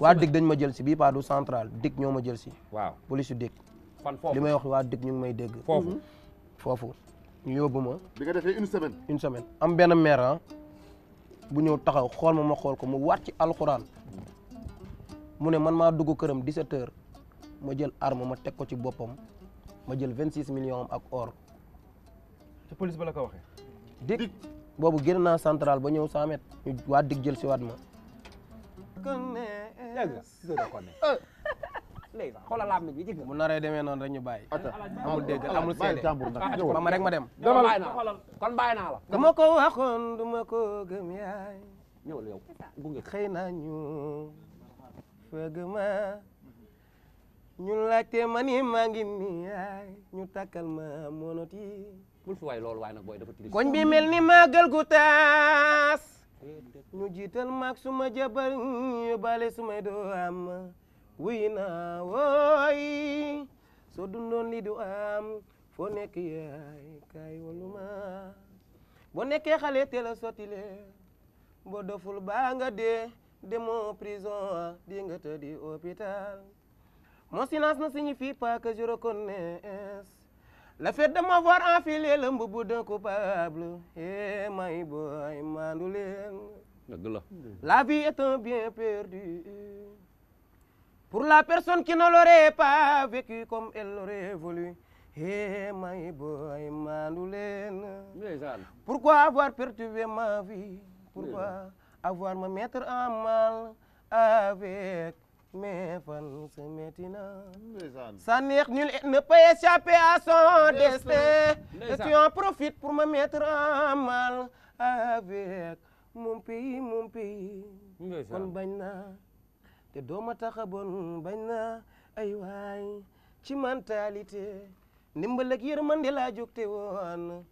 waa dig dañ ma jël si bii pas du central dig ñoo ma jël si. waaw police su dig. fan foofu li may wax waa dig ñu ngi may dégg. foofu mhm. foofu ñu yóbbu ma. bi nga defee une semaine. une semaine am benn maire ah, bu ñëw taxaw xool ma ma xool ko mu waat ci alxuraan mu ne man maa dugg këram 17h ma jël arme ma teg ko ci boppam ma jël 26 millions million ak or. te police ba la ko waxee. dig boobu génn naa central ba ñëw 100 mètres ñu waa dig jël si waat ma. dégg nga si la ko euh. léegi sax xoolal laa bi jigéen. bu naree demee noonu rek ñu bàyyi. amul dégg amul seede ma ma rek ma dem. dama bàyyi naa la kon bàyyi dama ko waxoon duma ko gëm yaay. ñëwal yow xëy na ñu fëgg ma ñu laajte ma ni maa ngi nii yaay ñu takkal ma monoti. bul koñ bi mel ni màggal gu taas. ñu jiital mak suma jabar yóbbaale sumay doo am wuy naa wooy soo dundoon li du am foo nekk yaay kaay waluma boo nekkee xale teel sotti lee boo doful baa nga dee demoo prison di nga tëddi hôpital mon silence ne signifie pas que je reconnaisse le fait de m'avoir enfilé le mbubu d'un coupable eh may boy maandu la vie est un bien perdu pour la personne qui ne l'aurait pas vécu comme elle l'aurait voulu eh may boy maandu pourquoi avoir perturbé ma vie pourquoi avoir me mettre en mal avec mais fan se mettina ça ne peut échapper à son destin et tu en profites pour me mettre en mal avec mon pays mon pays kon bañ na te dooma taxa bon bañ naa ay waay ci mentalité ndimbal ak yërmande laa jógte woon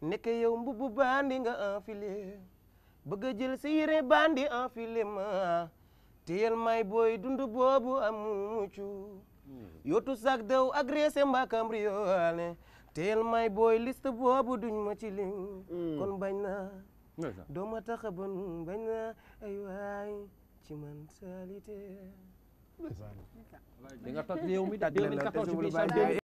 nekk yow mbubu bandi nga enfilé bëgg a jël sa yére bandi enfilé ma téyel may booy dund boobu am muccu hmm. yottu sak daw agressé mbaa te téyel may booy list boobu duñ ma ci lim hmm. kon bañ naa dooma taxa bon bañ naa ay waay ci man salité di